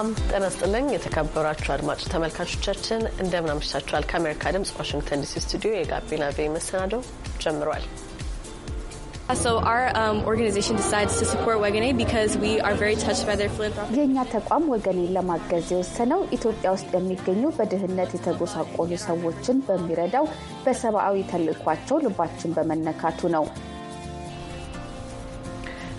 ሰላም ጤና ስጥልኝ። የተከበራችሁ አድማጭ ተመልካቾቻችን እንደምን አምሽታችኋል? ከአሜሪካ ድምጽ ዋሽንግተን ዲሲ ስቱዲዮ የጋቢና ቪ መሰናዶ ጀምሯል። um, የእኛ ተቋም ወገኔን ለማገዝ የወሰነው ኢትዮጵያ ውስጥ የሚገኙ በድህነት የተጎሳቆሉ ሰዎችን በሚረዳው በሰብአዊ ተልእኳቸው ልባችን በመነካቱ ነው።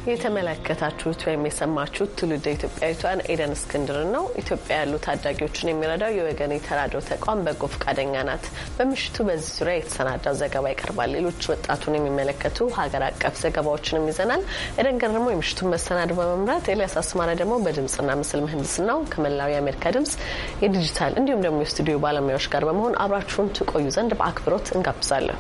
የተመለከታችሁት ወይም የሰማችሁት ትውልደ ኢትዮጵያዊቷን ኤደን እስክንድር ነው። ኢትዮጵያ ያሉ ታዳጊዎችን የሚረዳው የወገን የተራድኦ ተቋም በጎ ፈቃደኛ ናት። በምሽቱ በዚህ ዙሪያ የተሰናዳው ዘገባ ይቀርባል። ሌሎች ወጣቱን የሚመለከቱ ሀገር አቀፍ ዘገባዎችንም ይዘናል። ኤደን ደግሞ የምሽቱን መሰናድ በመምራት ኤልያስ አስማራ ደግሞ በድምፅና ምስል ምህንድስናው ከመላው የአሜሪካ ድምፅ የዲጂታል እንዲሁም ደግሞ የስቱዲዮ ባለሙያዎች ጋር በመሆን አብራችሁን ትቆዩ ዘንድ በአክብሮት እንጋብዛለን።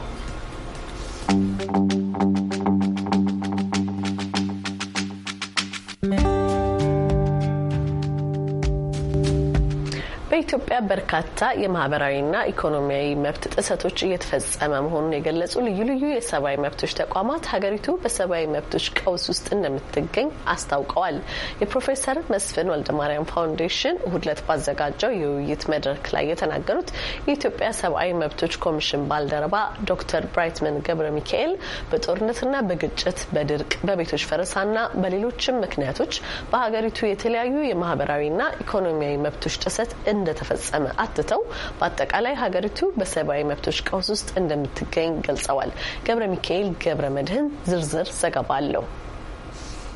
በርካታ የማህበራዊና ኢኮኖሚያዊ መብት ጥሰቶች እየተፈጸመ መሆኑን የገለጹ ልዩ ልዩ የሰብአዊ መብቶች ተቋማት ሀገሪቱ በሰብአዊ መብቶች ቀውስ ውስጥ እንደምትገኝ አስታውቀዋል። የፕሮፌሰር መስፍን ወልደማርያም ፋውንዴሽን እሁድ ዕለት ባዘጋጀው የውይይት መድረክ ላይ የተናገሩት የኢትዮጵያ ሰብአዊ መብቶች ኮሚሽን ባልደረባ ዶክተር ብራይትመን ገብረ ሚካኤል በጦርነትና በግጭት በድርቅ በቤቶች ፈረሳና በሌሎችም ምክንያቶች በሀገሪቱ የተለያዩ የማህበራዊና ኢኮኖሚያዊ መብቶች ጥሰት እንደተፈጸመ እንደተፈጸመ አትተው በአጠቃላይ ሀገሪቱ በሰብአዊ መብቶች ቀውስ ውስጥ እንደምትገኝ ገልጸዋል። ገብረ ሚካኤል ገብረ መድህን ዝርዝር ዘገባ አለው።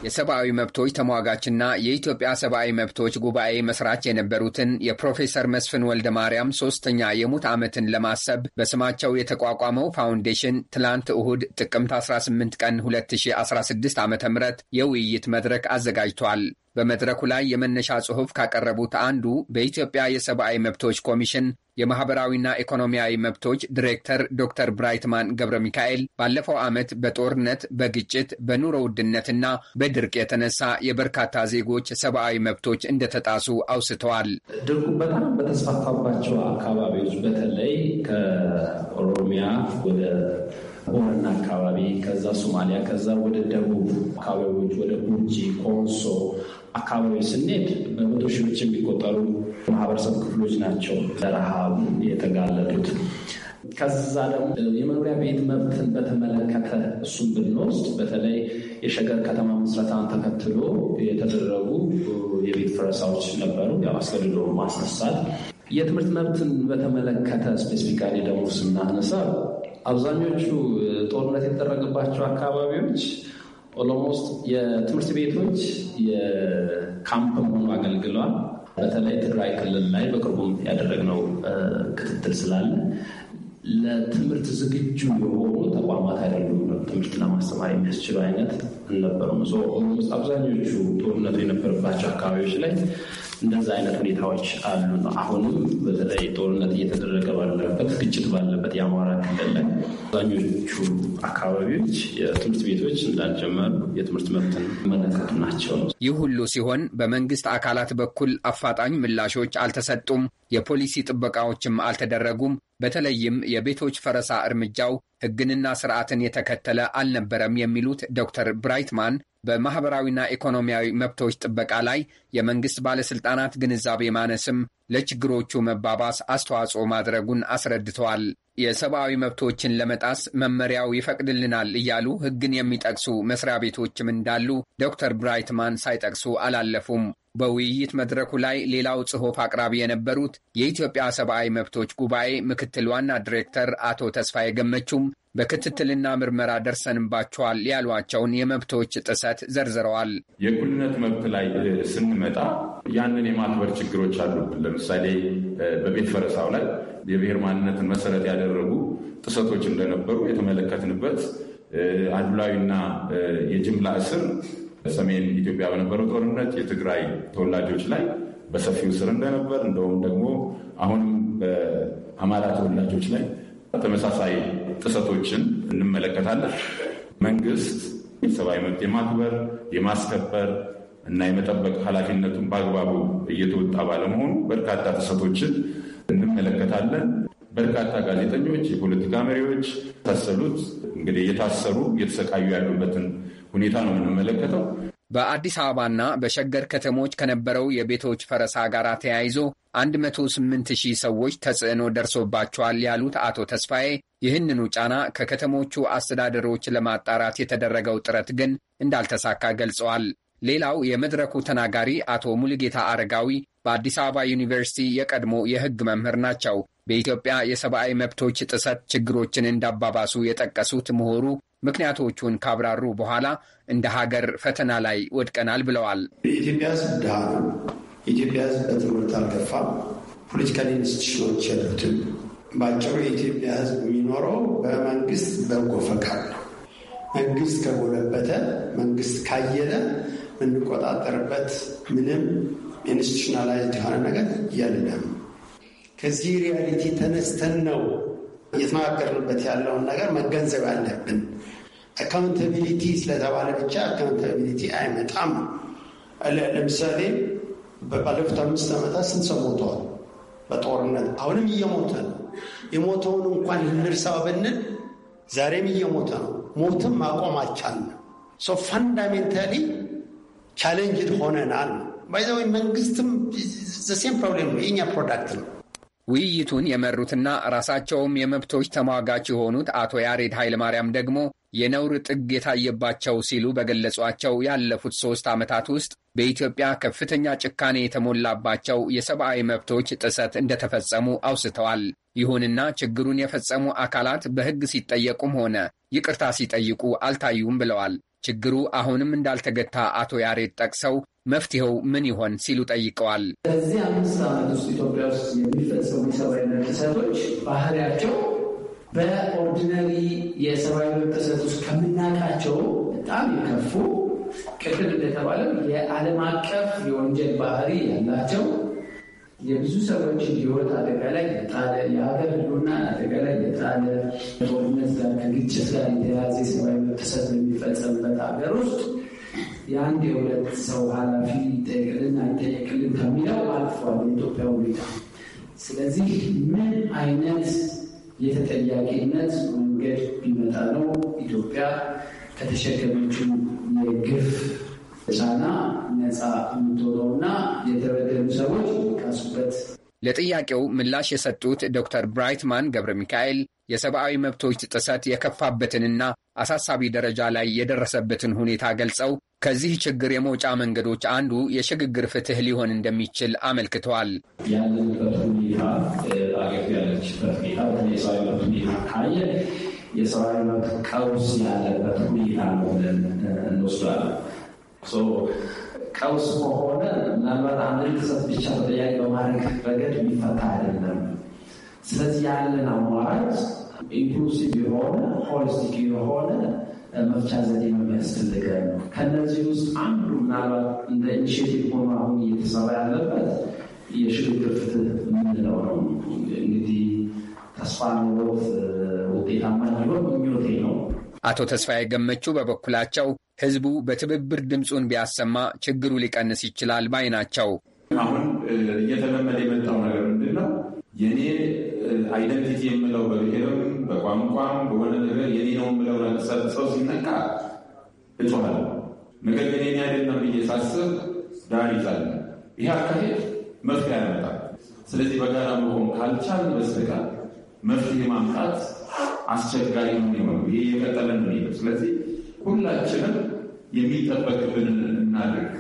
የሰብአዊ መብቶች ተሟጋችና የኢትዮጵያ ሰብአዊ መብቶች ጉባኤ መስራች የነበሩትን የፕሮፌሰር መስፍን ወልደ ማርያም ሶስተኛ የሙት ዓመትን ለማሰብ በስማቸው የተቋቋመው ፋውንዴሽን ትላንት እሁድ ጥቅምት 18 ቀን 2016 ዓ ም የውይይት መድረክ አዘጋጅቷል። በመድረኩ ላይ የመነሻ ጽሑፍ ካቀረቡት አንዱ በኢትዮጵያ የሰብአዊ መብቶች ኮሚሽን የማህበራዊና ኢኮኖሚያዊ መብቶች ዲሬክተር ዶክተር ብራይትማን ገብረ ሚካኤል ባለፈው ዓመት በጦርነት፣ በግጭት፣ በኑሮ ውድነትና በድርቅ የተነሳ የበርካታ ዜጎች ሰብአዊ መብቶች እንደተጣሱ አውስተዋል። ድርቁ በጣም በተስፋፋባቸው አካባቢዎች በተለይ ከኦሮሚያ ወደ ቦረና አካባቢ ከዛ ሶማሊያ ከዛ ወደ ደቡብ አካባቢዎች ወደ ጉጂ፣ ኮንሶ አካባቢ ስንሄድ በመቶ ሺዎች የሚቆጠሩ ማህበረሰብ ክፍሎች ናቸው ለረሃብ የተጋለጡት። ከዛ ደግሞ የመኖሪያ ቤት መብትን በተመለከተ እሱም ብንወስድ በተለይ የሸገር ከተማ ምስረታን ተከትሎ የተደረጉ የቤት ፈረሳዎች ነበሩ፣ ያው አስገድዶ ማስነሳት። የትምህርት መብትን በተመለከተ ስፔሲፊካሊ ደግሞ ስናነሳ አብዛኞቹ ጦርነት የተደረገባቸው አካባቢዎች ኦሎሞስት የትምህርት ቤቶች የካምፕ መሆኑ አገልግለዋል። በተለይ ትግራይ ክልል ላይ በቅርቡም ያደረግነው ክትትል ስላለ ለትምህርት ዝግጁ የሆኑ ተቋማት አይደሉም። ትምህርት ለማስተማር የሚያስችሉ አይነት አልነበረም። አብዛኞቹ ጦርነቱ የነበረባቸው አካባቢዎች ላይ እንደዛ አይነት ሁኔታዎች አሉ። አሁንም በተለይ ጦርነት እየተደረገ ባለበት ግጭት ባለበት የአማራ ክልል ላይ አብዛኞቹ አካባቢዎች የትምህርት ቤቶች እንዳልጀመሩ የትምህርት መብትን መለከት ናቸው። ይህ ሁሉ ሲሆን በመንግስት አካላት በኩል አፋጣኝ ምላሾች አልተሰጡም፣ የፖሊሲ ጥበቃዎችም አልተደረጉም። በተለይም የቤቶች ፈረሳ እርምጃው ሕግንና ስርዓትን የተከተለ አልነበረም የሚሉት ዶክተር ብራይትማን በማኅበራዊና ኢኮኖሚያዊ መብቶች ጥበቃ ላይ የመንግሥት ባለሥልጣናት ግንዛቤ ማነስም ለችግሮቹ መባባስ አስተዋጽኦ ማድረጉን አስረድተዋል። የሰብአዊ መብቶችን ለመጣስ መመሪያው ይፈቅድልናል እያሉ ሕግን የሚጠቅሱ መስሪያ ቤቶችም እንዳሉ ዶክተር ብራይትማን ሳይጠቅሱ አላለፉም። በውይይት መድረኩ ላይ ሌላው ጽሑፍ አቅራቢ የነበሩት የኢትዮጵያ ሰብአዊ መብቶች ጉባኤ ምክትል ዋና ዲሬክተር አቶ ተስፋዬ ገመቹም በክትትልና ምርመራ ደርሰንባቸዋል ያሏቸውን የመብቶች ጥሰት ዘርዝረዋል። የእኩልነት መብት ላይ ስንመጣ ያንን የማክበር ችግሮች አሉብን። ለምሳሌ በቤት ፈረሳው ላይ የብሔር ማንነትን መሰረት ያደረጉ ጥሰቶች እንደነበሩ የተመለከትንበት አድሏዊና የጅምላ እስር ሰሜን ኢትዮጵያ በነበረው ጦርነት የትግራይ ተወላጆች ላይ በሰፊው ስር እንደነበር እንደውም ደግሞ አሁንም በአማራ ተወላጆች ላይ ተመሳሳይ ጥሰቶችን እንመለከታለን። መንግስት የሰብአዊ መብት የማክበር የማስከበር እና የመጠበቅ ኃላፊነቱን በአግባቡ እየተወጣ ባለመሆኑ በርካታ ጥሰቶችን እንመለከታለን። በርካታ ጋዜጠኞች፣ የፖለቲካ መሪዎች ታሰሉት እንግዲህ እየታሰሩ እየተሰቃዩ ያሉበትን ሁኔታ ነው የምንመለከተው። በአዲስ አበባና በሸገር ከተሞች ከነበረው የቤቶች ፈረሳ ጋር ተያይዞ ሺህ ሰዎች ተጽዕኖ ደርሶባቸዋል ያሉት አቶ ተስፋዬ ይህንኑ ጫና ከከተሞቹ አስተዳደሮች ለማጣራት የተደረገው ጥረት ግን እንዳልተሳካ ገልጸዋል። ሌላው የመድረኩ ተናጋሪ አቶ ሙሉጌታ አረጋዊ በአዲስ አበባ ዩኒቨርሲቲ የቀድሞ የሕግ መምህር ናቸው። በኢትዮጵያ የሰብአዊ መብቶች ጥሰት ችግሮችን እንዳባባሱ የጠቀሱት ምሁሩ ምክንያቶቹን ካብራሩ በኋላ እንደ ሀገር ፈተና ላይ ወድቀናል ብለዋል። የኢትዮጵያ ሕዝብ ድሃ ነው። የኢትዮጵያ ሕዝብ በትምህርት አልገፋም። ፖለቲካል ኢንስቲትዩሽኖች ያሉትን ባጭሩ የኢትዮጵያ ሕዝብ የሚኖረው በመንግስት በጎ ፈቃድ ነው። መንግስት ከጎለበተ፣ መንግስት ካየለ የምንቆጣጠርበት ምንም ኢንስቲቱሽናላይዝድ የሆነ ነገር የለም። ከዚህ ሪያሊቲ ተነስተን ነው እየተመካከርንበት ያለውን ነገር መገንዘብ ያለብን። አካውንታቢሊቲ ስለተባለ ብቻ አካውንታቢሊቲ አይመጣም። ለምሳሌ ባለፉት አምስት ዓመታት ስንት ሰው ሞተዋል በጦርነት? አሁንም እየሞተ ነው። የሞተውን እንኳን ልንርሳው ብንል ዛሬም እየሞተ ነው። ሞትም ማቆም አልቻልንም። ሶ ፋንዳሜንታሊ ቻሌንጅድ ሆነናል። ባይዘዊ መንግስትም ዘሴም ፕሮብሌም ነው። የኛ ፕሮዳክት ነው። ውይይቱን የመሩትና ራሳቸውም የመብቶች ተሟጋች የሆኑት አቶ ያሬድ ኃይለማርያም ደግሞ የነውር ጥግ የታየባቸው ሲሉ በገለጿቸው ያለፉት ሦስት ዓመታት ውስጥ በኢትዮጵያ ከፍተኛ ጭካኔ የተሞላባቸው የሰብአዊ መብቶች ጥሰት እንደተፈጸሙ አውስተዋል። ይሁንና ችግሩን የፈጸሙ አካላት በሕግ ሲጠየቁም ሆነ ይቅርታ ሲጠይቁ አልታዩም ብለዋል። ችግሩ አሁንም እንዳልተገታ አቶ ያሬድ ጠቅሰው መፍትሄው ምን ይሆን ሲሉ ጠይቀዋል። በዚህ አምስት ዓመት ውስጥ ኢትዮጵያ ውስጥ የሚፈጸሙ የሰብአዊ መብት ጥሰቶች ባህሪያቸው በኦርዲነሪ የሰብአዊ መብት ጥሰት ውስጥ ከምናውቃቸው በጣም የከፉ ቅድም እንደተባለው የዓለም አቀፍ የወንጀል ባህሪ ያላቸው የብዙ ሰዎች ህይወት አደጋ ላይ የጣለ የሀገር ህልውና አደጋ ላይ የጣለ ጦርነት ጋር ከግጭት ጋር የተያያዘ የሰብአዊ መብት ጥሰት በሚፈጸምበት ሀገር ውስጥ የአንድ የሁለት ሰው ኃላፊ ይጠየቅልን አይጠየቅልን ከሚለው አልፏል የኢትዮጵያ ሁኔታ። ስለዚህ ምን አይነት የተጠያቂነት መንገድ ቢመጣ ነው ኢትዮጵያ ከተሸከመችው የግፍ ቻና ነፃ የምትሆነው እና የተበደሉ ሰዎች የሚቃሱበት ለጥያቄው ምላሽ የሰጡት ዶክተር ብራይትማን ገብረ ሚካኤል የሰብአዊ መብቶች ጥሰት የከፋበትንና አሳሳቢ ደረጃ ላይ የደረሰበትን ሁኔታ ገልጸው ከዚህ ችግር የመውጫ መንገዶች አንዱ የሽግግር ፍትህ ሊሆን እንደሚችል አመልክተዋል። ያለንበት ሁኔታ በአገሪቱ ያለችበት ሁኔታ ካየ የሰብአዊ መብት ቀውስ ያለበት ሁኔታ ነው ብለን እንወስዳለን። ቀውስ ከሆነ ምናልባት አንድ ክሰት ብቻ ተጠያቂ በማድረግ ረገድ የሚፈታ አይደለም። ስለዚህ ያለን አማራጭ ኢንክሉሲቭ የሆነ ሆሊስቲክ የሆነ መፍቻ ዘዴ ነው የሚያስፈልገን። ከእነዚህ ውስጥ አንዱ ምናልባት እንደ ኢኒሽቲቭ ሆኖ አሁን እየተሰራ ያለበት የሽግግር ፍትህ የምንለው ነው። እንግዲህ ተስፋ ኖሮት ውጤታማ ሊሆን ምኞቴ ነው። አቶ ተስፋዬ ገመቹ በበኩላቸው ህዝቡ በትብብር ድምፁን ቢያሰማ ችግሩ ሊቀንስ ይችላል ባይ ናቸው። አሁን እየተለመደ የመጣው ነገር ምንድን ነው? የኔ አይደንቲቲ የምለው በብሔርም በቋንቋም በሆነ ነገር የኔ ነው የምለው ሰው ሲነካ እጮኋል። ነገር ግን የኔ አይደለም ብዬ ሳስብ ዳር ይዛል። ይህ አካሄድ መፍትሄ ያመጣል። ስለዚህ በጋራ መሆን ካልቻል በስተቀር መፍትሄ ማምጣት አስቸጋሪ ነው የሚሆነው። ይህ የቀጠለ ነው። ስለዚህ ሁላችንም የሚጠበቅብንን እናድርግ።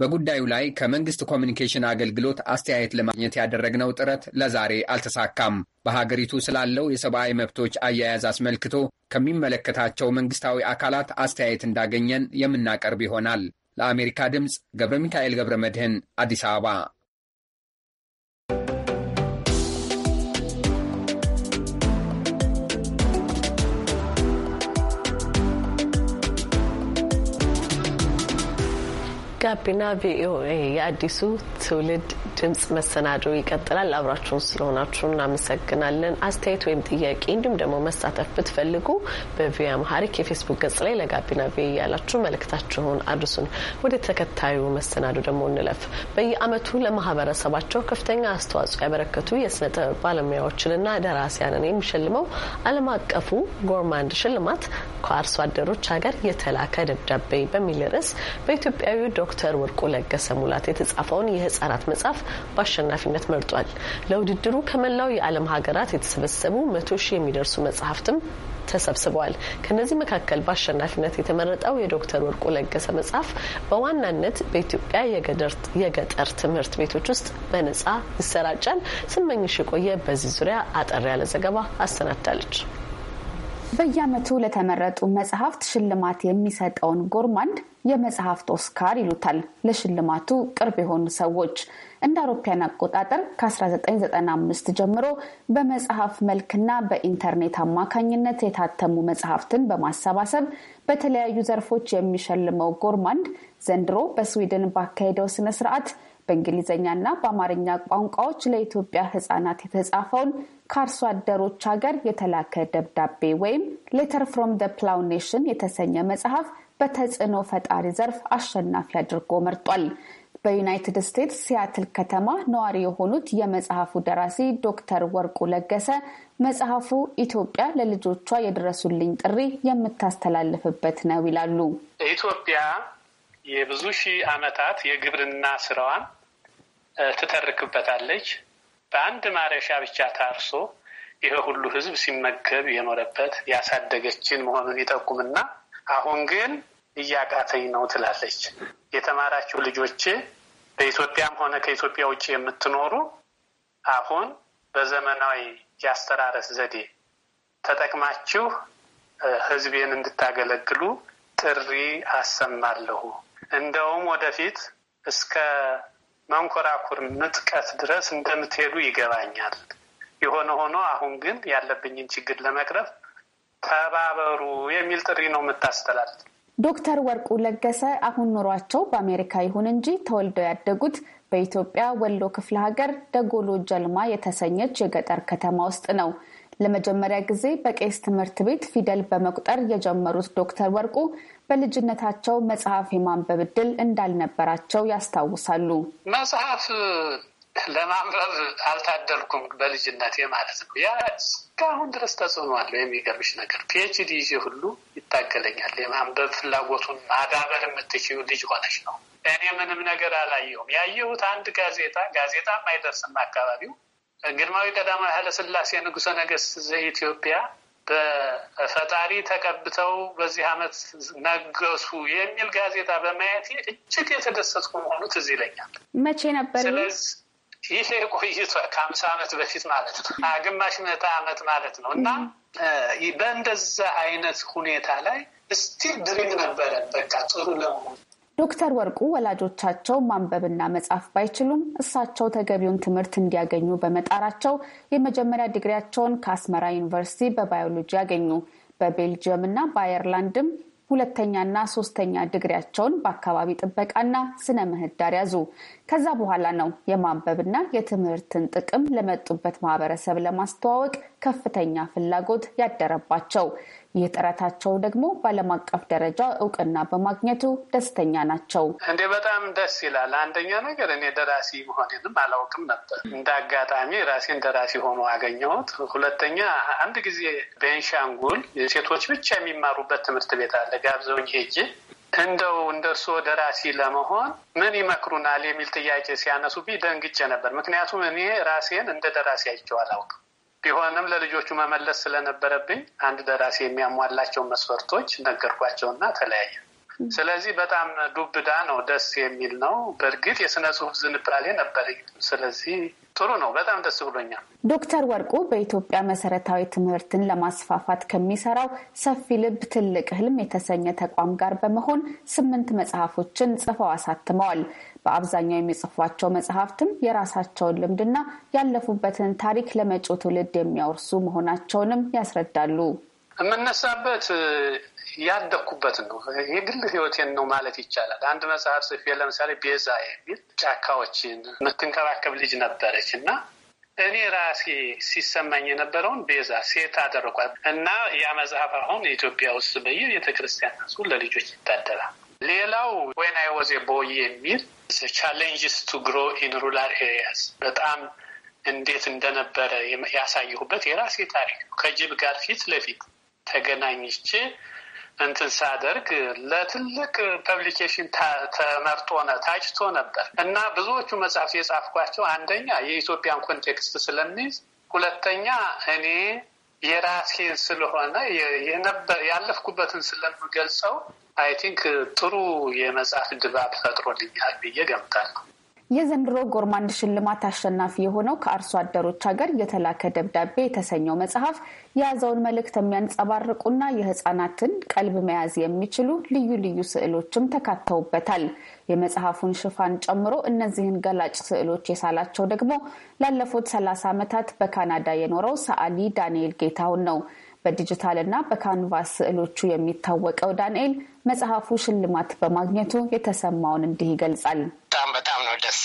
በጉዳዩ ላይ ከመንግስት ኮሚኒኬሽን አገልግሎት አስተያየት ለማግኘት ያደረግነው ጥረት ለዛሬ አልተሳካም። በሀገሪቱ ስላለው የሰብአዊ መብቶች አያያዝ አስመልክቶ ከሚመለከታቸው መንግስታዊ አካላት አስተያየት እንዳገኘን የምናቀርብ ይሆናል። ለአሜሪካ ድምፅ ገብረ ሚካኤል ገብረ መድህን አዲስ አበባ ጋቢና ቪኦኤ የአዲሱ ትውልድ ድምጽ መሰናዶ ይቀጥላል። አብራችሁን ስለሆናችሁ እናመሰግናለን። አስተያየት ወይም ጥያቄ እንዲሁም ደግሞ መሳተፍ ብትፈልጉ በቪ አምሃሪክ የፌስቡክ ገጽ ላይ ለጋቢና ቪ እያላችሁ መልእክታችሁን አድርሱን። ወደ ተከታዩ መሰናዶ ደግሞ እንለፍ። በየአመቱ ለማህበረሰባቸው ከፍተኛ አስተዋጽኦ ያበረከቱ የስነ ጥበብ ባለሙያዎችንና ደራሲያንን የሚሸልመው ዓለም አቀፉ ጎርማንድ ሽልማት ከአርሶ አደሮች ሀገር የተላከ ደብዳቤ በሚል ርዕስ በኢትዮጵያዊ ዶክተር ወርቁ ለገሰ ሙላት የተጻፈውን የህጻናት መጽሐፍ በአሸናፊነት መርጧል። ለውድድሩ ከመላው የዓለም ሀገራት የተሰበሰቡ መቶ ሺህ የሚደርሱ መጽሐፍትም ተሰብስበዋል። ከነዚህ መካከል በአሸናፊነት የተመረጠው የዶክተር ወርቁ ለገሰ መጽሐፍ በዋናነት በኢትዮጵያ የገጠር ትምህርት ቤቶች ውስጥ በነጻ ይሰራጫል። ስመኝሽ የቆየ በዚህ ዙሪያ አጠር ያለ ዘገባ አሰናድታለች። በየዓመቱ ለተመረጡ መጽሐፍት ሽልማት የሚሰጠውን ጎርማንድ የመጽሐፍት ኦስካር ይሉታል። ለሽልማቱ ቅርብ የሆኑ ሰዎች እንደ አውሮፓያን አቆጣጠር ከ1995 ጀምሮ በመጽሐፍ መልክና በኢንተርኔት አማካኝነት የታተሙ መጽሐፍትን በማሰባሰብ በተለያዩ ዘርፎች የሚሸልመው ጎርማንድ ዘንድሮ በስዊድን ባካሄደው ስነ ስርዓት በእንግሊዝኛና በአማርኛ ቋንቋዎች ለኢትዮጵያ ሕጻናት የተጻፈውን ከአርሶ አደሮች ሀገር የተላከ ደብዳቤ ወይም ሌተር ፍሮም ደ ፕላው ኔሽን የተሰኘ መጽሐፍ በተጽዕኖ ፈጣሪ ዘርፍ አሸናፊ አድርጎ መርጧል። በዩናይትድ ስቴትስ ሲያትል ከተማ ነዋሪ የሆኑት የመጽሐፉ ደራሲ ዶክተር ወርቁ ለገሰ መጽሐፉ ኢትዮጵያ ለልጆቿ የድረሱልኝ ጥሪ የምታስተላልፍበት ነው ይላሉ። ኢትዮጵያ የብዙ ሺህ ዓመታት የግብርና ስራዋን ትተርክበታለች። በአንድ ማረሻ ብቻ ታርሶ ይህ ሁሉ ሕዝብ ሲመገብ የኖረበት ያሳደገችን መሆኑን ይጠቁምና አሁን ግን እያቃተኝ ነው ትላለች። የተማራችሁ ልጆች በኢትዮጵያም ሆነ ከኢትዮጵያ ውጭ የምትኖሩ አሁን በዘመናዊ የአስተራረስ ዘዴ ተጠቅማችሁ ህዝቤን እንድታገለግሉ ጥሪ አሰማለሁ። እንደውም ወደፊት እስከ መንኮራኩር ምጥቀት ድረስ እንደምትሄዱ ይገባኛል። የሆነ ሆኖ አሁን ግን ያለብኝን ችግር ለመቅረፍ ተባበሩ የሚል ጥሪ ነው የምታስተላልፍ። ዶክተር ወርቁ ለገሰ አሁን ኑሯቸው በአሜሪካ ይሁን እንጂ ተወልደው ያደጉት በኢትዮጵያ ወሎ ክፍለ ሀገር ደጎሎ ጀልማ የተሰኘች የገጠር ከተማ ውስጥ ነው። ለመጀመሪያ ጊዜ በቄስ ትምህርት ቤት ፊደል በመቁጠር የጀመሩት ዶክተር ወርቁ በልጅነታቸው መጽሐፍ የማንበብ እድል እንዳልነበራቸው ያስታውሳሉ። መጽሐፍ ለማንበብ አልታደልኩም፣ በልጅነቴ ማለት ነው። ያ እስካሁን ድረስ ተጽዕኖ አለው። የሚገርምሽ ነገር ፒኤችዲ ይዤ ሁሉ ይታገለኛል። የማንበብ ፍላጎቱን ማዳበር የምትችዩ ልጅ ሆነች ነው። እኔ ምንም ነገር አላየሁም። ያየሁት አንድ ጋዜጣ ጋዜጣ አይደርስም አካባቢው ግርማዊ ቀዳማዊ ኃይለሥላሴ ንጉሠ ነገሥት ዘኢትዮጵያ በፈጣሪ ተቀብተው በዚህ ዓመት ነገሱ የሚል ጋዜጣ በማየቴ እጅግ የተደሰትኩ መሆኑ ትዝ ይለኛል። መቼ ነበር? ስለዚህ ይሄ ቆይቷል። ከአምሳ ዓመት በፊት ማለት ነው፣ ግማሽ ምዕተ ዓመት ማለት ነው። እና በእንደዛ አይነት ሁኔታ ላይ እስቲል ድሪም ነበረ በቃ ጥሩ ለመሆን ዶክተር ወርቁ ወላጆቻቸው ማንበብና መጻፍ ባይችሉም እሳቸው ተገቢውን ትምህርት እንዲያገኙ በመጣራቸው የመጀመሪያ ዲግሪያቸውን ከአስመራ ዩኒቨርሲቲ በባዮሎጂ ያገኙ። በቤልጅየም እና በአየርላንድም ሁለተኛና ሶስተኛ ድግሪያቸውን በአካባቢ ጥበቃና ስነ ምህዳር ያዙ። ከዛ በኋላ ነው የማንበብና የትምህርትን ጥቅም ለመጡበት ማህበረሰብ ለማስተዋወቅ ከፍተኛ ፍላጎት ያደረባቸው። ይህ ጥረታቸው ደግሞ በዓለም አቀፍ ደረጃ እውቅና በማግኘቱ ደስተኛ ናቸው። እንዴ በጣም ደስ ይላል። አንደኛ ነገር እኔ ደራሲ መሆኔንም አላውቅም ነበር። እንደ አጋጣሚ ራሴን ደራሲ ሆኖ አገኘሁት። ሁለተኛ አንድ ጊዜ ቤንሻንጉል ሴቶች ብቻ የሚማሩበት ትምህርት ቤት አለ። ጋብዘውኝ ሄጄ እንደው እንደ ደራሲ ለመሆን ምን ይመክሩናል የሚል ጥያቄ ሲያነሱብኝ ደንግጬ ነበር። ምክንያቱም እኔ ራሴን እንደ ደራሲ አይቼው አላውቅም። ቢሆንም ለልጆቹ መመለስ ስለነበረብኝ አንድ ደራሲ የሚያሟላቸው መስፈርቶች ነገርኳቸውና ተለያየ። ስለዚህ በጣም ዱብዳ ነው፣ ደስ የሚል ነው። በእርግጥ የስነ ጽሁፍ ዝንባሌ ነበረኝ። ስለዚህ ጥሩ ነው። በጣም ደስ ብሎኛል። ዶክተር ወርቁ በኢትዮጵያ መሰረታዊ ትምህርትን ለማስፋፋት ከሚሰራው ሰፊ ልብ ትልቅ ህልም የተሰኘ ተቋም ጋር በመሆን ስምንት መጽሐፎችን ጽፈው አሳትመዋል። በአብዛኛው የሚጽፏቸው መጽሐፍትም የራሳቸውን ልምድና ያለፉበትን ታሪክ ለመጪው ትውልድ የሚያወርሱ መሆናቸውንም ያስረዳሉ። የምነሳበት ያደግኩበት ነው። የግል ህይወቴን ነው ማለት ይቻላል። አንድ መጽሐፍ ጽፌ ለምሳሌ ቤዛ የሚል ጫካዎችን የምትንከባከብ ልጅ ነበረች እና እኔ ራሴ ሲሰማኝ የነበረውን ቤዛ ሴት አደረኳት እና ያ መጽሐፍ አሁን ኢትዮጵያ ውስጥ በየ ቤተክርስቲያን ለልጆች ይታደራል። ሌላው ወን አይ ዋዝ ቦይ የሚል ቻሌንጅስ ቱ ግሮ ኢን ሩላር ኤሪያስ በጣም እንዴት እንደነበረ ያሳየሁበት የራሴ ታሪክ ነው። ከጅብ ጋር ፊት ለፊት ተገናኝቼ እንትን ሳደርግ ለትልቅ ፐብሊኬሽን ተመርጦ ታጭቶ ነበር እና ብዙዎቹ መጽሐፍ የጻፍኳቸው አንደኛ የኢትዮጵያን ኮንቴክስት ስለሚይዝ፣ ሁለተኛ እኔ የራሴ ስለሆነ ያለፍኩበትን ስለምገልጸው አይ ቲንክ ጥሩ የመጽሐፍ ድባብ ፈጥሮልኛል ብዬ ገምታለሁ። የዘንድሮ ጎርማንድ ሽልማት አሸናፊ የሆነው ከአርሶ አደሮች ሀገር የተላከ ደብዳቤ የተሰኘው መጽሐፍ የያዘውን መልእክት የሚያንጸባርቁና የሕፃናትን ቀልብ መያዝ የሚችሉ ልዩ ልዩ ስዕሎችም ተካተውበታል። የመጽሐፉን ሽፋን ጨምሮ እነዚህን ገላጭ ስዕሎች የሳላቸው ደግሞ ላለፉት 30 ዓመታት በካናዳ የኖረው ሰዓሊ ዳንኤል ጌታውን ነው። በዲጂታልና በካንቫስ ስዕሎቹ የሚታወቀው ዳንኤል መጽሐፉ ሽልማት በማግኘቱ የተሰማውን እንዲህ ይገልጻል። ደስ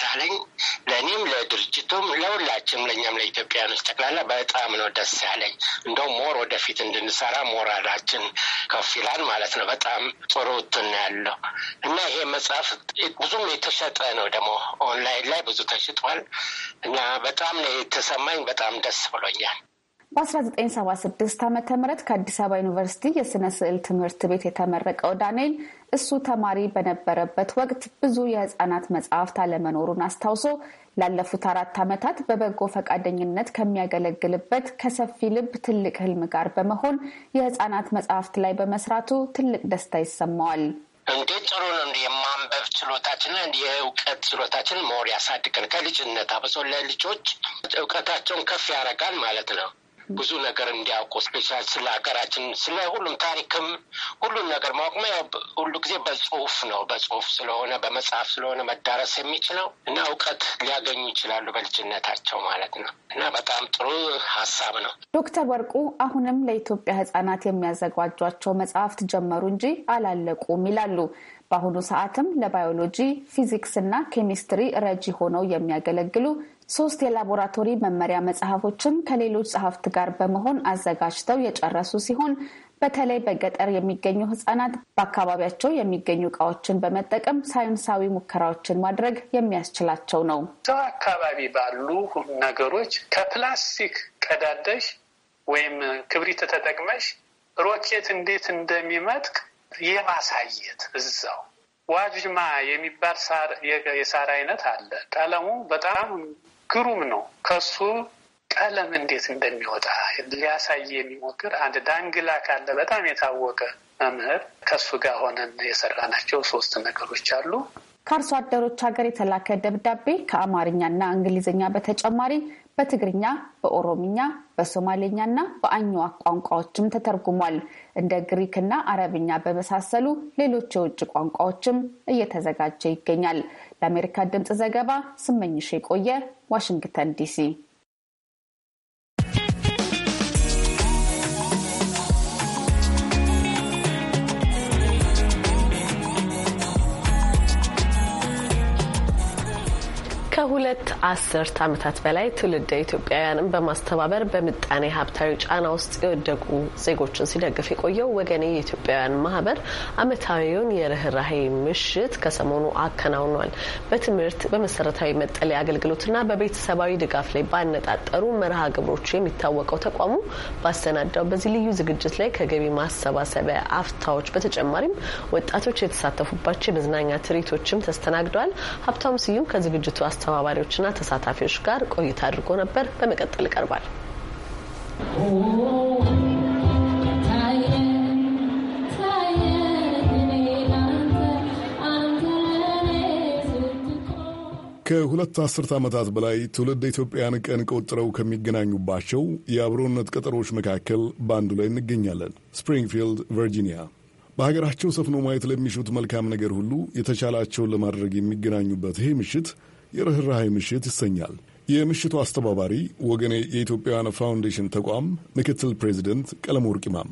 ለእኔም፣ ለድርጅቱም፣ ለሁላችንም፣ ለእኛም ለኢትዮጵያውያኖች ጠቅላላ በጣም ነው ደስ ያለኝ። እንደውም ሞር ወደፊት እንድንሰራ ሞራላችን ከፍ ይላል ማለት ነው። በጣም ጥሩ ውትን ያለው እና ይሄ መጽሐፍ ብዙም የተሸጠ ነው ደግሞ ኦንላይን ላይ ብዙ ተሽጧል እና በጣም ነው የተሰማኝ። በጣም ደስ ብሎኛል። በ1976 ዓ ም ከአዲስ አበባ ዩኒቨርሲቲ የስነ ስዕል ትምህርት ቤት የተመረቀው ዳንኤል እሱ ተማሪ በነበረበት ወቅት ብዙ የህፃናት መጽሐፍት አለመኖሩን አስታውሶ ላለፉት አራት ዓመታት በበጎ ፈቃደኝነት ከሚያገለግልበት ከሰፊ ልብ ትልቅ ህልም ጋር በመሆን የህፃናት መጽሐፍት ላይ በመስራቱ ትልቅ ደስታ ይሰማዋል። እንዴት ጥሩ ነው! የማንበብ ችሎታችንን የእውቀት ችሎታችን መወር ያሳድግን ከልጅነት አብሶ ለልጆች እውቀታቸውን ከፍ ያደርጋል ማለት ነው። ብዙ ነገር እንዲያውቁ ስፔሻል ስለ ሀገራችን፣ ስለ ሁሉም ታሪክም ሁሉም ነገር ማወቅ ሁሉ ጊዜ በጽሁፍ ነው። በጽሁፍ ስለሆነ በመጽሐፍ ስለሆነ መዳረስ የሚችለው እና እውቀት ሊያገኙ ይችላሉ በልጅነታቸው ማለት ነው። እና በጣም ጥሩ ሀሳብ ነው። ዶክተር ወርቁ አሁንም ለኢትዮጵያ ህጻናት የሚያዘጋጇቸው መጽሐፍት ጀመሩ እንጂ አላለቁም ይላሉ። በአሁኑ ሰዓትም ለባዮሎጂ ፊዚክስ እና ኬሚስትሪ ረጂ ሆነው የሚያገለግሉ ሶስት የላቦራቶሪ መመሪያ መጽሐፎችን ከሌሎች ጸሐፍት ጋር በመሆን አዘጋጅተው የጨረሱ ሲሆን በተለይ በገጠር የሚገኙ ህጻናት በአካባቢያቸው የሚገኙ እቃዎችን በመጠቀም ሳይንሳዊ ሙከራዎችን ማድረግ የሚያስችላቸው ነው። ሰው አካባቢ ባሉ ነገሮች ከፕላስቲክ ቀዳደሽ ወይም ክብሪት ተጠቅመሽ ሮኬት እንዴት እንደሚመጥቅ የማሳየት እዛው ዋጅማ የሚባል የሳር አይነት አለ። ቀለሙ በጣም ግሩም ነው። ከሱ ቀለም እንዴት እንደሚወጣ ሊያሳይ የሚሞክር አንድ ዳንግላ ካለ በጣም የታወቀ መምህር ከሱ ጋር ሆነን የሰራናቸው ሶስት ነገሮች አሉ። ከአርሶ አደሮች ሀገር የተላከ ደብዳቤ ከአማርኛና እንግሊዝኛ በተጨማሪ በትግርኛ፣ በኦሮምኛ፣ በሶማሌኛና በአኝዋክ ቋንቋዎችም ተተርጉሟል። እንደ ግሪክና አረብኛ በመሳሰሉ ሌሎች የውጭ ቋንቋዎችም እየተዘጋጀ ይገኛል። ለአሜሪካ ድምፅ ዘገባ ስመኝሽ የቆየ ዋሽንግተን ዲሲ ከሁለት አስርት ዓመታት በላይ ትውልደ ኢትዮጵያውያንን በማስተባበር በምጣኔ ሀብታዊ ጫና ውስጥ የወደቁ ዜጎችን ሲደግፍ የቆየው ወገኔ የኢትዮጵያውያን ማህበር ዓመታዊውን የርኅራሄ ምሽት ከሰሞኑ አከናውኗል። በትምህርት በመሰረታዊ መጠለያ አገልግሎትና በቤተሰባዊ ድጋፍ ላይ ባነጣጠሩ መርሃ ግብሮቹ የሚታወቀው ተቋሙ ባሰናዳው በዚህ ልዩ ዝግጅት ላይ ከገቢ ማሰባሰቢያ አፍታዎች በተጨማሪም ወጣቶች የተሳተፉባቸው የመዝናኛ ትርኢቶችም ተስተናግደዋል። ሀብታም ስዩም ከዝግጅቱ አስተባባሪዎችና ተሳታፊዎች ጋር ቆይታ አድርጎ ነበር። በመቀጠል ይቀርባል። ከሁለት አስርት ዓመታት በላይ ትውልድ ኢትዮጵያን ቀን ቆጥረው ከሚገናኙባቸው የአብሮነት ቀጠሮዎች መካከል በአንዱ ላይ እንገኛለን። ስፕሪንግፊልድ ቨርጂኒያ። በሀገራቸው ሰፍኖ ማየት ለሚሹት መልካም ነገር ሁሉ የተቻላቸውን ለማድረግ የሚገናኙበት ይህ ምሽት የርኅራሄ ምሽት ይሰኛል። የምሽቱ አስተባባሪ ወገኔ የኢትዮጵያውያን ፋውንዴሽን ተቋም ምክትል ፕሬዚደንት ቀለም ወርቅ ማም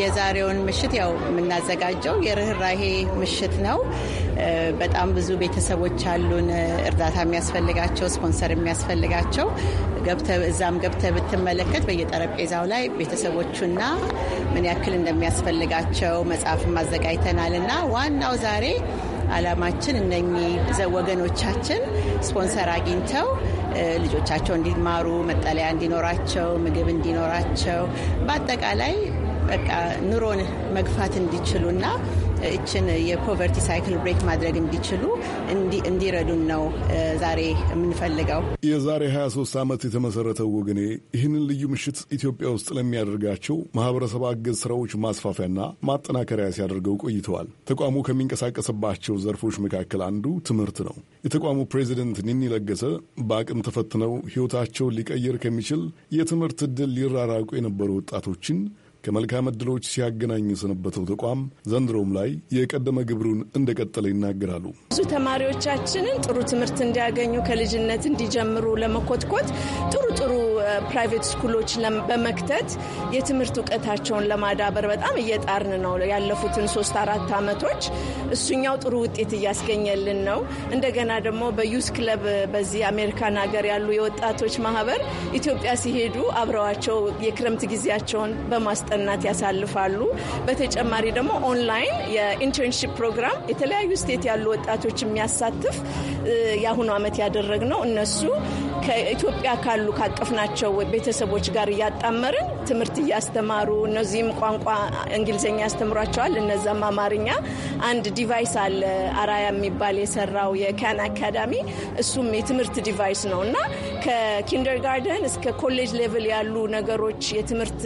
የዛሬውን ምሽት ያው የምናዘጋጀው የርኅራሄ ምሽት ነው። በጣም ብዙ ቤተሰቦች አሉን፣ እርዳታ የሚያስፈልጋቸው ስፖንሰር የሚያስፈልጋቸው እዛም ገብተ ብትመለከት በየጠረጴዛው ላይ ቤተሰቦቹና ምን ያክል እንደሚያስፈልጋቸው መጽሐፍም አዘጋጅተናል እና ዋናው ዛሬ አላማችን እነኚህ ወገኖቻችን ስፖንሰር አግኝተው ልጆቻቸው እንዲማሩ፣ መጠለያ እንዲኖራቸው፣ ምግብ እንዲኖራቸው በአጠቃላይ በቃ ኑሮን መግፋት እንዲችሉና እችን የፖቨርቲ ሳይክል ብሬክ ማድረግ እንዲችሉ እንዲረዱን ነው ዛሬ የምንፈልገው። የዛሬ 23 ዓመት የተመሰረተው ወገኔ ይህንን ልዩ ምሽት ኢትዮጵያ ውስጥ ለሚያደርጋቸው ማህበረሰብ አገዝ ስራዎች ማስፋፊያና ማጠናከሪያ ሲያደርገው ቆይተዋል። ተቋሙ ከሚንቀሳቀስባቸው ዘርፎች መካከል አንዱ ትምህርት ነው። የተቋሙ ፕሬዚደንት ኒኒ ለገሰ በአቅም ተፈትነው ሕይወታቸውን ሊቀይር ከሚችል የትምህርት ዕድል ሊራራቁ የነበሩ ወጣቶችን ከመልካም ዕድሎች ሲያገናኝ የሰነበተው ተቋም ዘንድሮም ላይ የቀደመ ግብሩን እንደቀጠለ ይናገራሉ። ብዙ ተማሪዎቻችንን ጥሩ ትምህርት እንዲያገኙ ከልጅነት እንዲጀምሩ ለመኮትኮት ጥሩ ጥሩ ፕራይቬት ስኩሎች በመክተት የትምህርት እውቀታቸውን ለማዳበር በጣም እየጣርን ነው። ያለፉትን ሶስት አራት አመቶች እሱኛው ጥሩ ውጤት እያስገኘልን ነው። እንደገና ደግሞ በዩስ ክለብ በዚህ አሜሪካን ሀገር ያሉ የወጣቶች ማህበር ኢትዮጵያ ሲሄዱ አብረዋቸው የክረምት ጊዜያቸውን በማስጠ በማጠናት ያሳልፋሉ። በተጨማሪ ደግሞ ኦንላይን የኢንተርንሽፕ ፕሮግራም የተለያዩ ስቴት ያሉ ወጣቶች የሚያሳትፍ የአሁኑ ዓመት ነው እነሱ ከኢትዮጵያ ካሉ ካቀፍናቸው ቤተሰቦች ጋር እያጣመርን ትምህርት እያስተማሩ እነዚህም ቋንቋ እንግሊዝኛ ያስተምሯቸዋል፣ እነዛም አማርኛ። አንድ ዲቫይስ አለ አራያ የሚባል የሰራው የካን አካዳሚ እሱም የትምህርት ዲቫይስ ነው እና ጋርደን እስከ ኮሌጅ ሌቭል ያሉ ነገሮች የትምህርት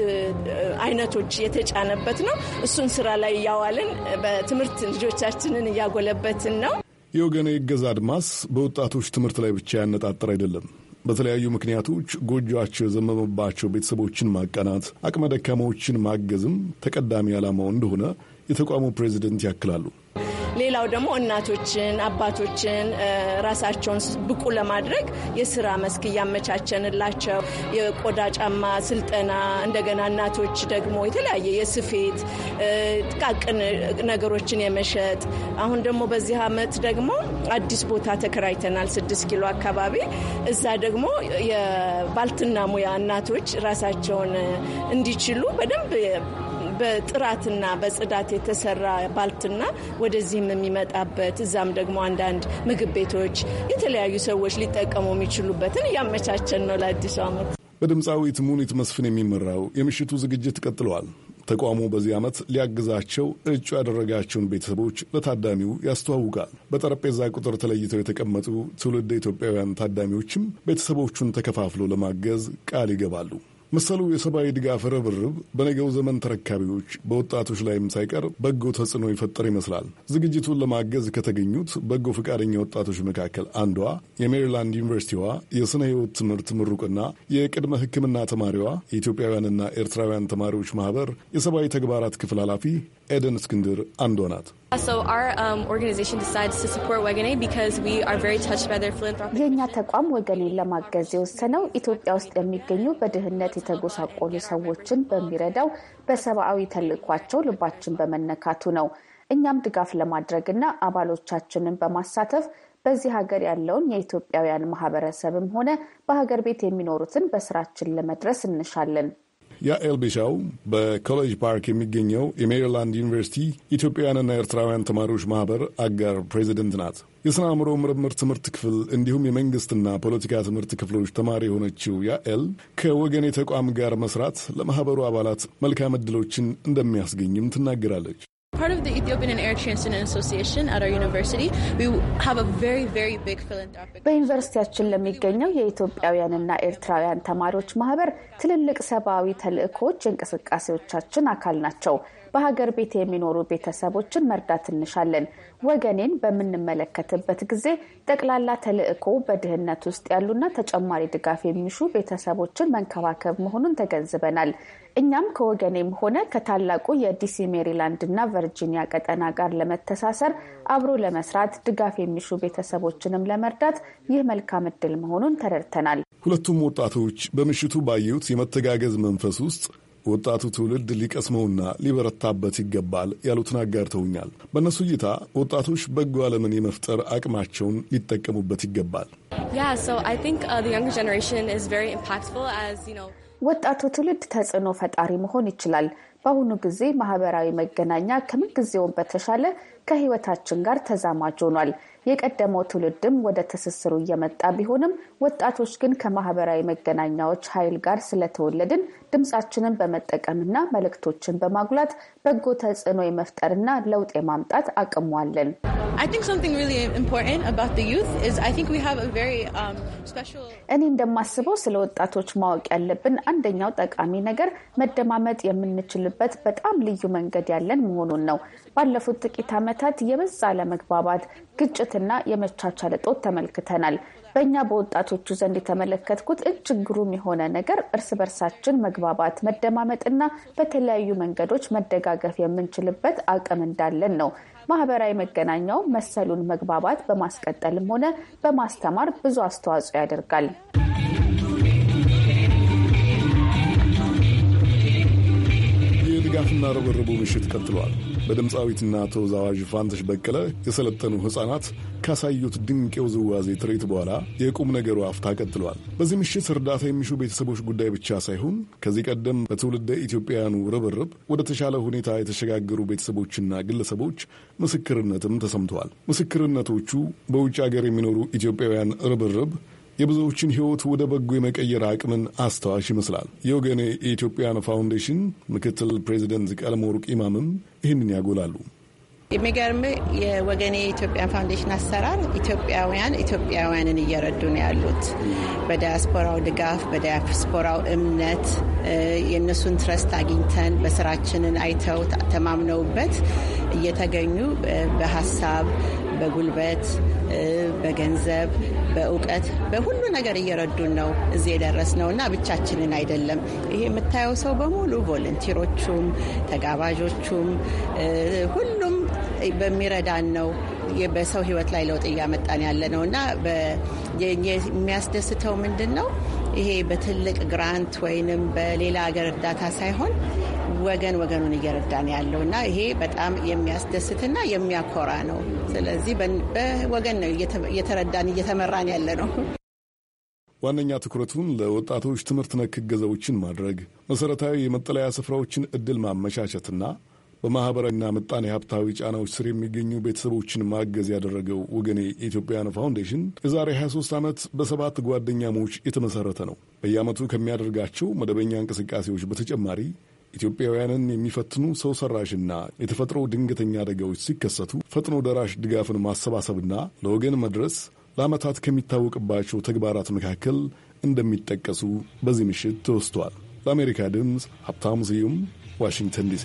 አይነቶች የተጫነበት ነው። እሱን ስራ ላይ እያዋልን በትምህርት ልጆቻችንን እያጎለበትን ነው። የወገኔ እገዛ አድማስ በወጣቶች ትምህርት ላይ ብቻ ያነጣጠር አይደለም። በተለያዩ ምክንያቶች ጎጆቸው የዘመመባቸው ቤተሰቦችን ማቀናት፣ አቅመ ደካማዎችን ማገዝም ተቀዳሚ ዓላማው እንደሆነ የተቋሙ ፕሬዚደንት ያክላሉ። ሌላው ደግሞ እናቶችን፣ አባቶችን ራሳቸውን ብቁ ለማድረግ የስራ መስክ እያመቻቸንላቸው የቆዳ ጫማ ስልጠና፣ እንደገና እናቶች ደግሞ የተለያየ የስፌት ጥቃቅን ነገሮችን የመሸጥ አሁን ደግሞ በዚህ አመት ደግሞ አዲስ ቦታ ተከራይተናል፣ ስድስት ኪሎ አካባቢ። እዛ ደግሞ የባልትና ሙያ እናቶች ራሳቸውን እንዲችሉ በደንብ በጥራትና በጽዳት የተሰራ ባልትና ወደዚህም የሚመጣበት እዛም ደግሞ አንዳንድ ምግብ ቤቶች የተለያዩ ሰዎች ሊጠቀሙ የሚችሉበትን እያመቻቸን ነው ለአዲሱ ዓመት። በድምፃዊት ሙኒት መስፍን የሚመራው የምሽቱ ዝግጅት ቀጥለዋል። ተቋሙ በዚህ ዓመት ሊያግዛቸው እጩ ያደረጋቸውን ቤተሰቦች ለታዳሚው ያስተዋውቃል። በጠረጴዛ ቁጥር ተለይተው የተቀመጡ ትውልድ ኢትዮጵያውያን ታዳሚዎችም ቤተሰቦቹን ተከፋፍሎ ለማገዝ ቃል ይገባሉ። መሰሉ የሰብአዊ ድጋፍ ርብርብ በነገው ዘመን ተረካቢዎች በወጣቶች ላይም ሳይቀር በጎ ተጽዕኖ ይፈጠር ይመስላል። ዝግጅቱን ለማገዝ ከተገኙት በጎ ፈቃደኛ ወጣቶች መካከል አንዷ የሜሪላንድ ዩኒቨርሲቲዋ የስነ ሕይወት ትምህርት ምሩቅና የቅድመ ሕክምና ተማሪዋ የኢትዮጵያውያንና ኤርትራውያን ተማሪዎች ማህበር የሰብአዊ ተግባራት ክፍል ኃላፊ ኤደን እስክንድር አንዷ ናት። Um, የእኛ ተቋም ወገኔን ለማገዝ የወሰነው ኢትዮጵያ ውስጥ የሚገኙ በድህነት የተጎሳቆሉ ሰዎችን በሚረዳው በሰብአዊ ተልዕኳቸው ልባችን በመነካቱ ነው። እኛም ድጋፍ ለማድረግና አባሎቻችንን በማሳተፍ በዚህ ሀገር ያለውን የኢትዮጵያውያን ማህበረሰብም ሆነ በሀገር ቤት የሚኖሩትን በስራችን ለመድረስ እንሻለን። ያኤል ቢሻው በኮሌጅ ፓርክ የሚገኘው የሜሪላንድ ዩኒቨርሲቲ ኢትዮጵያውያንና ኤርትራውያን ተማሪዎች ማህበር አጋር ፕሬዚደንት ናት። የሥነ አእምሮ ምርምር ትምህርት ክፍል እንዲሁም የመንግሥትና ፖለቲካ ትምህርት ክፍሎች ተማሪ የሆነችው ያኤል ከወገኔ ተቋም ጋር መስራት ለማኅበሩ አባላት መልካም ዕድሎችን እንደሚያስገኝም ትናገራለች። በዩኒቨርሲቲያችን ለሚገኘው የኢትዮጵያውያንና ኤርትራውያን ተማሪዎች ማህበር ትልልቅ ሰብአዊ ተልእኮዎች የእንቅስቃሴዎቻችን አካል ናቸው። በሀገር ቤት የሚኖሩ ቤተሰቦችን መርዳት እንሻለን። ወገኔን በምንመለከትበት ጊዜ ጠቅላላ ተልዕኮ በድህነት ውስጥ ያሉና ተጨማሪ ድጋፍ የሚሹ ቤተሰቦችን መንከባከብ መሆኑን ተገንዝበናል። እኛም ከወገኔም ሆነ ከታላቁ የዲሲ ሜሪላንድ እና ቨርጂኒያ ቀጠና ጋር ለመተሳሰር አብሮ ለመስራት ድጋፍ የሚሹ ቤተሰቦችንም ለመርዳት ይህ መልካም እድል መሆኑን ተረድተናል። ሁለቱም ወጣቶች በምሽቱ ባየሁት የመተጋገዝ መንፈስ ውስጥ ወጣቱ ትውልድ ሊቀስመውና ሊበረታበት ይገባል ያሉትን አጋርተውኛል። በእነሱ እይታ ወጣቶች በጎ ዓለምን የመፍጠር አቅማቸውን ሊጠቀሙበት ይገባል። uh, ወጣቱ ትውልድ ተጽዕኖ ፈጣሪ መሆን ይችላል። በአሁኑ ጊዜ ማህበራዊ መገናኛ ከምንጊዜውም በተሻለ ከህይወታችን ጋር ተዛማጅ ሆኗል። የቀደመው ትውልድም ወደ ትስስሩ እየመጣ ቢሆንም ወጣቶች ግን ከማህበራዊ መገናኛዎች ኃይል ጋር ስለተወለድን ድምፃችንን በመጠቀምና መልእክቶችን በማጉላት በጎ ተጽዕኖ የመፍጠርና ለውጥ የማምጣት አቅሟለን። um, እኔ እንደማስበው ስለ ወጣቶች ማወቅ ያለብን አንደኛው ጠቃሚ ነገር መደማመጥ የምንችልበት በጣም ልዩ መንገድ ያለን መሆኑን ነው። ባለፉት ጥቂት ዓመታት የበዛ ለመግባባት ግጭትና የመቻቻል እጦት ተመልክተናል። በእኛ በወጣቶቹ ዘንድ የተመለከትኩት እጅግ ግሩም የሆነ ነገር እርስ በርሳችን መግባባት፣ መደማመጥና በተለያዩ መንገዶች መደጋገፍ የምንችልበት አቅም እንዳለን ነው። ማህበራዊ መገናኛው መሰሉን መግባባት በማስቀጠልም ሆነ በማስተማር ብዙ አስተዋጽኦ ያደርጋል። የድጋፍና ርብርቡ ምሽት ቀጥሏል። በድምፃዊትና ተወዛዋዥ ፋንተሽ በቀለ የሰለጠኑ ሕፃናት ካሳዩት ድንቅ የውዝዋዜ ትርኢት በኋላ የቁም ነገሩ አፍታ ቀጥሏል። በዚህ ምሽት እርዳታ የሚሹ ቤተሰቦች ጉዳይ ብቻ ሳይሆን ከዚህ ቀደም በትውልደ ኢትዮጵያውያኑ ርብርብ ወደ ተሻለ ሁኔታ የተሸጋገሩ ቤተሰቦችና ግለሰቦች ምስክርነትም ተሰምተዋል። ምስክርነቶቹ በውጭ ሀገር የሚኖሩ ኢትዮጵያውያን ርብርብ የብዙዎችን ሕይወት ወደ በጎ የመቀየር አቅምን አስተዋሽ ይመስላል። የወገኔ የኢትዮጵያን ፋውንዴሽን ምክትል ፕሬዚደንት ቀለም ኢማምም ይህንን ያጎላሉ። የሚገርም የወገኔ የኢትዮጵያ ፋውንዴሽን አሰራር ኢትዮጵያውያን ኢትዮጵያውያንን እየረዱ ነው ያሉት። በዳያስፖራው ድጋፍ፣ በዳያስፖራው እምነት የእነሱን ትረስት አግኝተን በስራችንን አይተው ተማምነውበት እየተገኙ በሀሳብ፣ በጉልበት፣ በገንዘብ በእውቀት በሁሉ ነገር እየረዱን ነው እዚህ የደረስ ነው እና ብቻችንን አይደለም። ይሄ የምታየው ሰው በሙሉ ቮለንቲሮቹም፣ ተጋባዦቹም ሁሉም በሚረዳን ነው በሰው ህይወት ላይ ለውጥ እያመጣን ያለ ነው እና የሚያስደስተው ምንድን ነው ይሄ በትልቅ ግራንት ወይንም በሌላ ሀገር እርዳታ ሳይሆን ወገን ወገኑን እየረዳን ያለው እና ይሄ በጣም የሚያስደስትና የሚያኮራ ነው። ስለዚህ በወገን ነው እየተረዳን እየተመራን ያለ ነው። ዋነኛ ትኩረቱን ለወጣቶች ትምህርት ነክ እገዛዎችን ማድረግ፣ መሰረታዊ የመጠለያ ስፍራዎችን እድል ማመቻቸትና በማኅበራዊና ምጣኔ ሀብታዊ ጫናዎች ስር የሚገኙ ቤተሰቦችን ማገዝ ያደረገው ወገኔ የኢትዮጵያውያን ፋውንዴሽን የዛሬ 23 ዓመት በሰባት ጓደኛሞች የተመሠረተ ነው። በየዓመቱ ከሚያደርጋቸው መደበኛ እንቅስቃሴዎች በተጨማሪ ኢትዮጵያውያንን የሚፈትኑ ሰው ሰራሽና የተፈጥሮ ድንገተኛ አደጋዎች ሲከሰቱ ፈጥኖ ደራሽ ድጋፍን ማሰባሰብና ለወገን መድረስ ለዓመታት ከሚታወቅባቸው ተግባራት መካከል እንደሚጠቀሱ በዚህ ምሽት ተወስቷል። ለአሜሪካ ድምፅ ሀብታሙ ስዩም ዋሽንግተን ዲሲ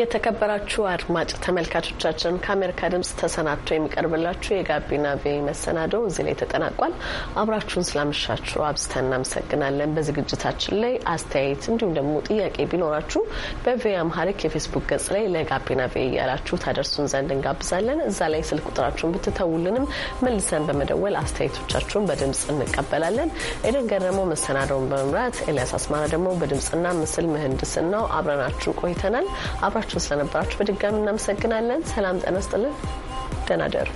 የተከበራችሁ አድማጭ ተመልካቾቻችን ከአሜሪካ ድምጽ ተሰናድቶ የሚቀርብላችሁ የጋቢና ቪ መሰናዶው እዚህ ላይ ተጠናቋል። አብራችሁን ስላመሻችሁ አብዝተን እናመሰግናለን። በዝግጅታችን ላይ አስተያየት እንዲሁም ደግሞ ጥያቄ ቢኖራችሁ በቪ አምሃሪክ የፌስቡክ ገጽ ላይ ለጋቢና ቪ እያላችሁ ታደርሱን ዘንድ እንጋብዛለን። እዛ ላይ ስልክ ቁጥራችሁን ብትተውልንም መልሰን በመደወል አስተያየቶቻችሁን በድምጽ እንቀበላለን። ኤደን ገረመው መሰናዶውን በመምራት ኤልያስ አስማራ ደግሞ በድምጽና ምስል ምህንድስናው አብረናችሁ ቆይተናል። አብራችሁን ስለነበራችሁ በድጋሚ እናመሰግናለን። ሰላም ጠነስጥልን ደናደሩ